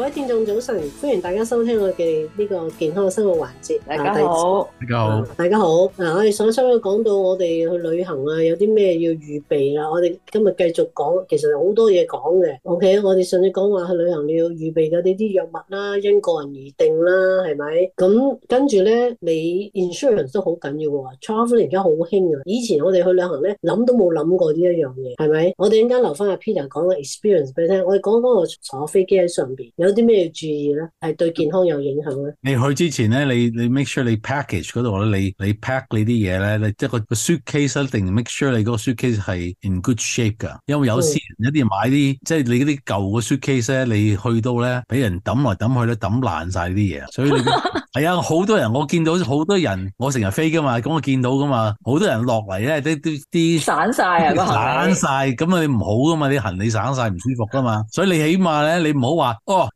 各位聽眾早晨，歡迎大家收聽我哋呢個健康嘅生活環節。大家好，啊，大家好，大家好。嗱，我哋上一節講到我哋去旅行啊，有啲咩要預備啦，啊。我哋今日繼續講，其實好多嘢講嘅。嗯、OK，我哋上次講話去旅行你要預備嘅呢啲藥物啦，啊，因個人而定啦，啊，係咪？咁，嗯、跟住咧，你 insurance 都好緊要喎，啊。Travel 而家好興嘅，以前我哋去旅行咧諗都冇諗過呢一樣嘢，係咪？我哋依家留翻阿 Peter 講個 experience 俾你聽。我哋講講我坐飛機喺上邊有啲咩要注意咧？係對健康有影響咧？你去之前咧，你你 make sure 你 package 嗰度咧，你你 pack 你啲嘢咧，你即係個個 suitcase 一定 make sure 你嗰個 suitcase 係 in good shape 㗎。因為有啲人有啲買啲，嗯、即係你嗰啲舊嘅 suitcase 咧，你去到咧俾人揼來揼去咧，揼爛晒啲嘢。所以係啊、 哎，好多人我見到好多人，我成日飛㗎嘛，咁我見到㗎嘛，好多人落嚟咧啲啲散晒啊，是散晒，咁啊你唔好㗎嘛，你行李散晒唔舒服㗎嘛。所以你起碼咧，你唔好話哦。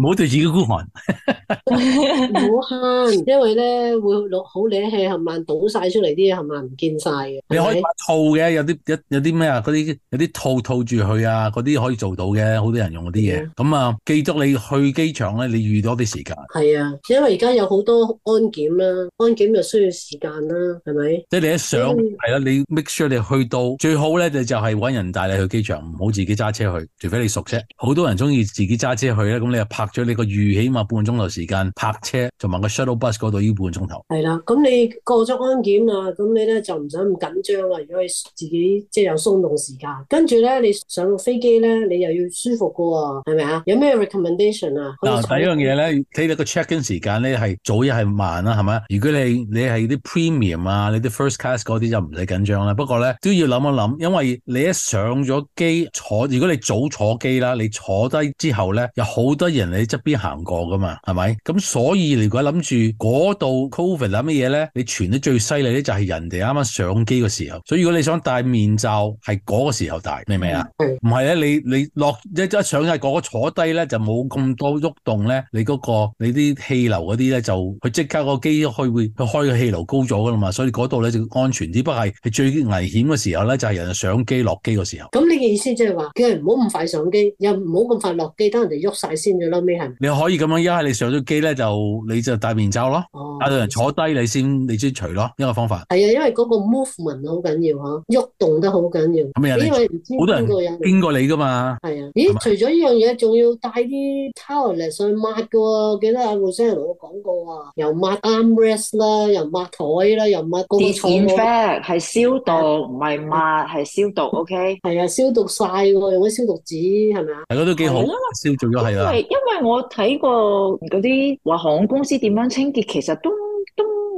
唔好對自己的孤寒，唔好慳，因為咧會落好你氣，冚唪唥倒晒出嚟啲嘢，冚唪唥唔見晒嘅。你可以套嘅，有啲有有啲咩啊？嗰啲有啲套套住佢啊，嗰啲可以做到嘅。好多人用嗰啲嘢，咁啊，啊記得你去機場咧，你預多啲時間。係啊，因為而家有好多安檢啦、啊，安檢就需要時間啦、啊，係咪？即係你一上係啊，嗯、你 make sure 你去到最好咧，就就係搵人帶你去機場，唔好自己揸車去，除非你熟啫。好 多人中意自己揸車去咧，咁你又拍。咗你個預，起碼半個鐘頭時間，泊車同埋個 shuttle bus 嗰度要半個鐘頭。係啦，咁你過咗安檢啦，咁你咧就唔使咁緊張啦，如果你自己即係有鬆動時間。跟住咧，你上個飛機咧，你又要舒服㗎喎，係咪啊？有咩 recommendation 啊？嗱，第一樣嘢咧，睇你個 check-in 時間咧係早亦係慢啦，係咪？如果你你係啲 premium 啊，你啲 first class 嗰啲就唔使緊張啦。不過咧都要諗一諗，因為你一上咗機坐，如果你早坐機啦，你坐低之後咧，有好多人。你側邊行過噶嘛，係咪？咁所以你如果諗住嗰度 Covid 啊乜嘢咧，你傳得最犀利咧就係人哋啱啱上機嘅時候。所以如果你想戴面罩，係嗰個時候戴，明唔明啊？唔係咧，你你落一一上晒嗰個坐低咧，就冇咁多喐動咧，你嗰、嗰個你啲氣流嗰啲咧就佢即刻個機開會佢開個氣流高咗噶啦嘛，所以嗰度咧就安全啲。不過係最危險嘅時候咧就係、是、人哋上機落機嘅時候。咁你嘅意思即係話叫人唔好咁快上機，又唔好咁快落機，等人哋喐晒先咗啦。你可以咁樣，一係你上咗機咧，就你就戴面罩咯，嗌到人坐低你先，你先除咯，一個方法。係啊，因為嗰個 movement 好緊要啊，喐動得好緊要。係咪啊？好多人經過你，經過你噶嘛。係啊。咦？除咗呢樣嘢，仲要帶啲 towel 嚟上去抹喎。記得阿 Rosie 同我講過話，又抹 armrest 啦，又抹台啦，又抹個坐墊。disinfect 係消毒，唔係抹，係消毒。OK，係啊，消毒曬喎，用啲消毒紙係咪啊？係咯，都幾好啊！消毒咗係啊。因為因為。因為我睇過嗰啲話，航空公司點樣清潔，其實都。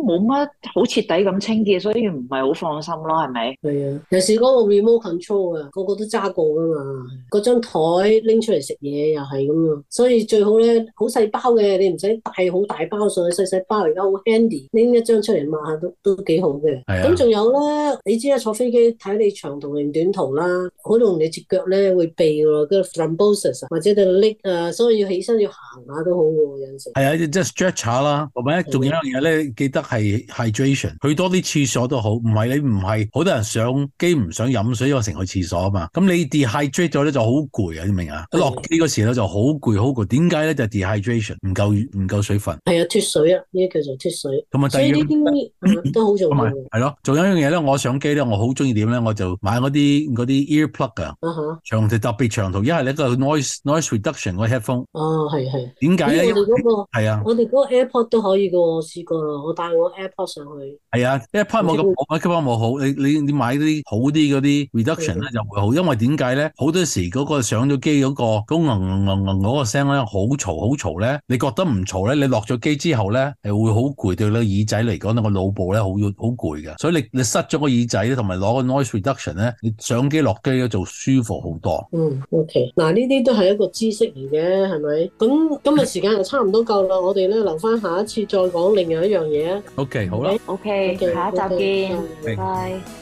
冇乜好徹底咁清潔，所以唔係好放心咯，係咪？係啊，又係嗰個 remote control 啊，個個都揸過㗎嘛。嗰張台拎出嚟食嘢又係咁啊，所以最好咧好細包嘅，你唔使帶好大包上去，細細包而家好 handy，拎一張出嚟抹下都都幾好嘅。咁仲有咧，你知啦，坐飛機睇你長途定短途啦，好容易你隻腳咧會痹喎，跟住 thrombosis 或者你拎，啊，所以要起身要行下都好喎，有時係啊，要 just stretch 下啦，或者仲有一樣嘢咧記得。係 hydration，去多啲廁所都好，唔係你唔係好多人上機唔想飲水，因為成個廁所啊嘛。咁你 dehydrate 咗咧就好攰啊，你明啊？落的機嗰時咧就好攰好攰，點解咧？就 dehydration，唔夠唔夠水分。係啊，脫水啊，呢啲叫做脫水。咁啊，所以呢啲都好重要。係咯，仲有一樣嘢咧，我上機咧，我好中意點咧，我就買嗰啲嗰啲 earplug 啊，長特別長途，一係呢個 noise noise reduction 嗰個 headphone。哦、uh，係、huh. 係。點解咧？啊，我哋嗰、嗰個，個 AirPod 都可以噶，試試過啦，我 Apple 上去，係啊，Apple 冇咁好，AirPods 冇好，你你你買啲好啲嗰啲 reduction 咧，的就會好。因為點解咧？好多時嗰個上咗機嗰個咁硬硬硬嗰個聲咧，好嘈好嘈咧，你覺得唔嘈咧？你落咗機之後咧，係會好攰對你個耳仔嚟講咧，個腦部咧好好攰嘅。所以你你塞咗個耳仔同埋攞個 noise reduction 咧，你上機落機咧就舒服好多。嗯，OK，嗱呢啲都係一個知識嚟嘅，係咪？咁今日時間就差唔多夠啦， 我哋咧留翻下一次再講另外一樣嘢啊。O K，好啦，O K，下一集見，拜拜。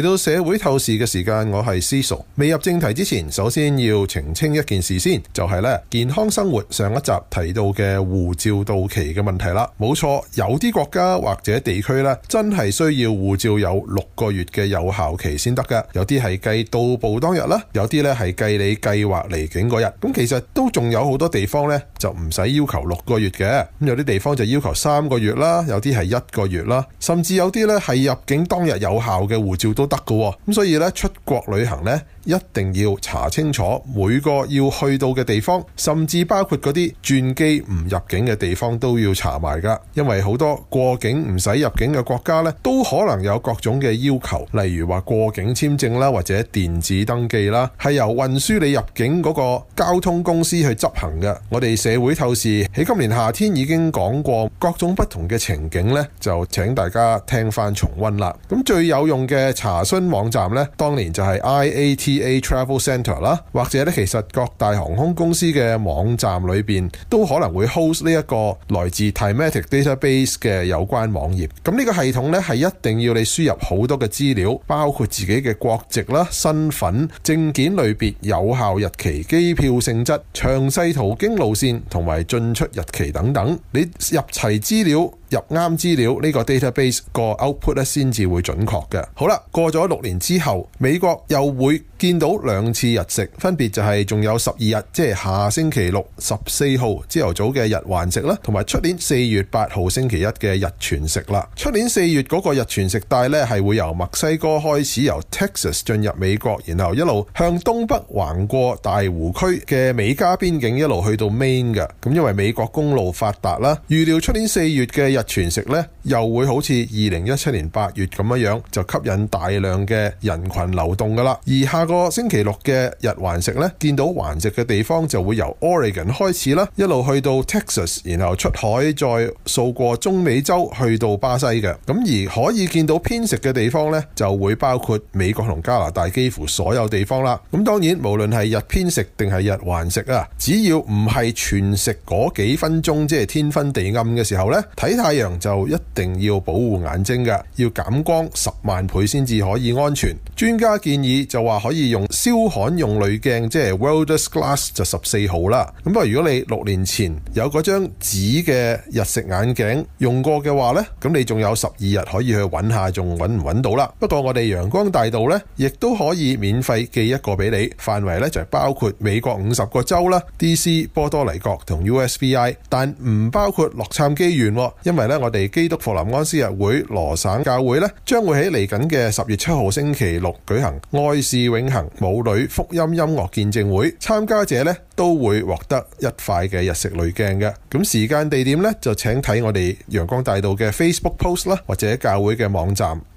嚟到社會透視嘅時間，我係司徒。未入正題之前，首先要澄清一件事先，就係咧健康生活上一集提到嘅護照到期嘅問題啦。冇錯，有啲國家或者地區咧，真係需要護照有六個月嘅有效期先得㗎。有啲係計到埗當日啦，有啲咧係計你計劃離境嗰日。咁其實都仲有好多地方咧，就唔使要求六個月嘅。咁有啲地方就要求三個月啦，有啲係一個月啦，甚至有啲咧係入境當日有效嘅護照都。得噶，咁所以咧，出國旅行咧。一定要查清楚每個要去到嘅地方，甚至包括嗰啲轉機唔入境嘅地方都要查埋噶，因為好多過境唔使入境嘅國家呢，都可能有各種嘅要求，例如話過境簽證啦，或者電子登記啦，係由運輸你入境嗰個交通公司去執行嘅。我哋社會透視喺今年夏天已經講過各種不同嘅情景呢，就請大家聽翻重溫啦。咁最有用嘅查詢網站呢，當年就係 IATA。a travel centre 啦，或者咧，其實各大航空公司嘅網站裏邊都可能會 host 呢一個來自 Timatic Database 嘅有關網頁。咁呢個系統呢，係一定要你輸入好多嘅資料，包括自己嘅國籍啦、身份證件類別、有效日期、機票性質、詳細途經路綫同埋進出日期等等。你入齊資料，入啱資料，呢個 database 個 output 咧先至會準確嘅。好啦，過咗六年之後，美國又會見到兩次日食，分別就係仲有十二日，即係下星期六十四號朝頭早嘅日環食啦，同埋出年四月八號星期一嘅日全食啦。出年四月嗰個日全食帶呢，係會由墨西哥開始，由 Texas 進入美國，然後一路向東北橫過大湖區嘅美加邊境，一路去到 Main 嘅。咁因為美國公路發達啦，預料出年四月嘅日全食咧，又會好似二零一七年八月咁樣樣，就吸引大量嘅人群流動噶啦。而下個星期六嘅日環食咧，見到環食嘅地方就會由 Oregon 開始啦，一路去到 Texas，然後出海再掃過中美洲，去到巴西嘅。咁而可以見到偏食嘅地方咧，就會包括美國同加拿大幾乎所有地方啦。咁當然，無論係日偏食定係日環食啊，只要唔係全食嗰幾分鐘，即係天昏地暗嘅時候咧，睇下。太陽就一定要保護眼睛嘅，要減光十萬倍先至可以安全。專家建議就話可以用燒焊用濾鏡，即係 Welder Glass 就十四號啦。咁啊，如果你六年前有嗰張紙嘅日食眼鏡用過嘅話呢，咁你仲有十二日可以去揾下，仲揾唔揾到啦。不過我哋陽光大道呢，亦都可以免費寄一個俾你，範圍呢就係包括美國五十個州啦、DC、波多黎各同 USVI，但唔包括洛杉磯縣因為。係咧，我哋基督復臨安息日會羅省教會咧，將會喺嚟緊嘅十月七號星期六舉行愛是永恒舞女福音音樂見證會，參加者咧都會獲得一塊嘅日食濾鏡嘅。咁時間地點咧就請睇我哋陽光大道嘅 Facebook post 啦，或者教會嘅網站。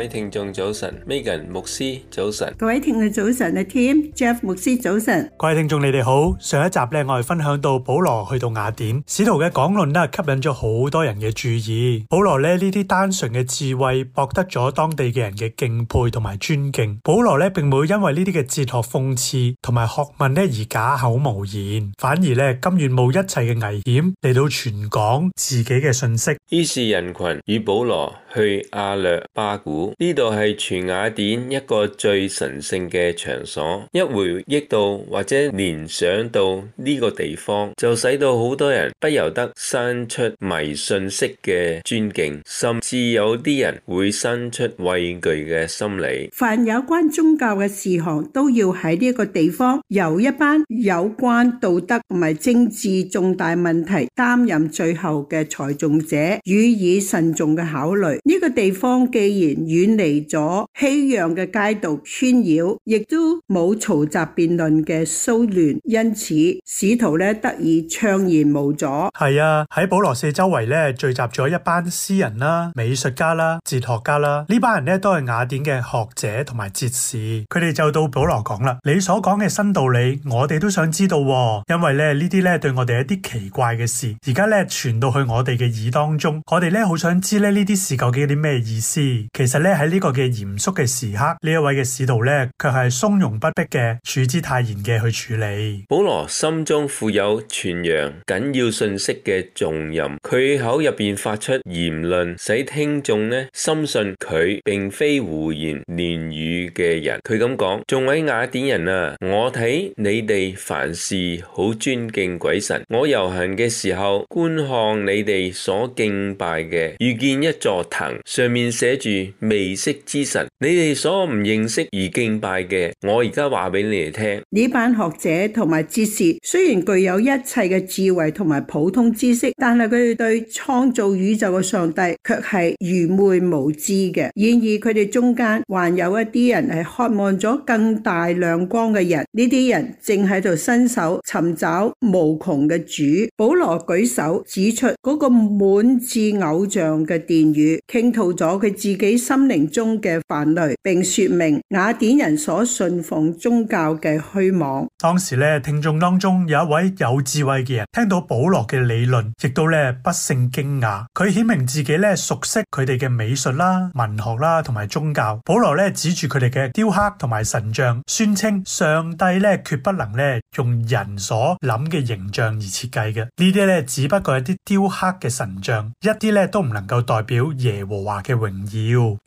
各位聽眾早晨，Megan 牧師早晨，各位聽眾早晨啊，Tim、Jeff 牧師早晨，各位聽眾你哋好。上一集呢，我哋分享到保羅去到雅典，使徒嘅講論呢，吸引咗好多人嘅注意。保羅呢，呢啲單純嘅智慧，博得咗當地嘅人嘅敬佩同埋尊敬。保羅呢並冇因為呢啲嘅哲學諷刺同埋學問呢而啞口無言，反而呢甘願冒一切嘅危險嚟到傳講自己嘅信息。於是人群與保羅去亞略巴古。呢度係全雅典一個最神聖嘅場所，一回憶到或者聯想到呢個地方，就使到好多人不由得生出迷信式嘅尊敬，甚至有啲人會生出畏懼嘅心理。凡有關宗教嘅事項，都要喺呢個地方由一班有關道德同埋政治重大問題擔任最後嘅裁眾者予以慎重嘅考慮。呢個地方既然與遠離咗熙攘嘅街道喧擾，亦都冇嘈雜辯論嘅騷亂，因此使徒咧得以暢言無阻。係啊，喺保羅四周圍咧聚集咗一班詩人啦、美術家啦、哲學家啦，呢班人咧都係雅典嘅學者同埋哲士。佢哋就到保羅講啦：你所講嘅新道理，我哋都想知道喎，因為咧呢啲咧對我哋一啲奇怪嘅事，而家咧傳到去我哋嘅耳當中，我哋咧好想知咧呢啲事究竟有啲咩意思。其實咧。喺呢個嘅嚴肅嘅時刻，呢一位嘅使徒呢，卻係從容不迫嘅，處之泰然嘅去處理。保羅心中負有傳揚緊要信息嘅重任，佢口入邊發出言論，使聽眾呢深信佢並非胡言亂語嘅人。佢咁講：眾位雅典人啊，我睇你哋凡事好尊敬鬼神。我遊行嘅時候，觀看你哋所敬拜嘅，遇見一座壇，上面寫住。未識之神，你哋所唔認識而敬拜嘅，我而家話俾你哋聽：呢班學者同埋知識雖然具有一切嘅智慧同埋普通知識，但係佢哋對創造宇宙嘅上帝卻係愚昧無知嘅。然而佢哋中間還有一啲人係渴望咗更大亮光嘅人，呢啲人正喺度伸手尋找無窮嘅主。保羅舉手指出嗰個滿志偶像嘅殿宇，傾吐咗佢自己心心靈中嘅範類，並說明雅典人所信奉宗教嘅虛妄。當時咧，聽眾當中有一位有智慧嘅人，聽到保羅嘅理論，亦都咧不勝驚訝。佢顯明自己咧熟悉佢哋嘅美術啦、文學啦同埋宗教。保羅咧指住佢哋嘅雕刻同埋神像，宣稱上帝咧決不能咧用人所諗嘅形象而設計嘅。呢啲咧只不過係一啲雕刻嘅神像，一啲咧都唔能夠代表耶和華嘅榮耀。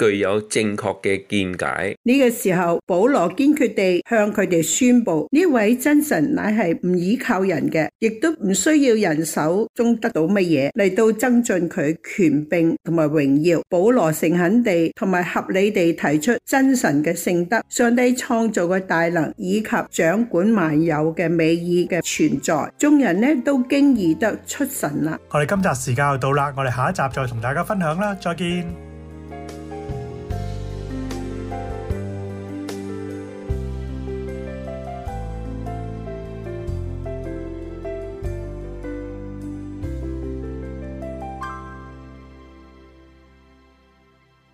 具有正確嘅見解。呢個時候，保羅堅決地向佢哋宣布：呢位真神乃係唔依靠人嘅，亦都唔需要人手中得到乜嘢嚟到增進佢權柄同埋榮耀。保羅誠懇地同埋合理地提出真神嘅性德、上帝創造嘅大能以及掌管萬有嘅美意嘅存在，眾人呢都驚異得出神啦。我哋今集時間又到啦，我哋下一集再同大家分享啦，再見。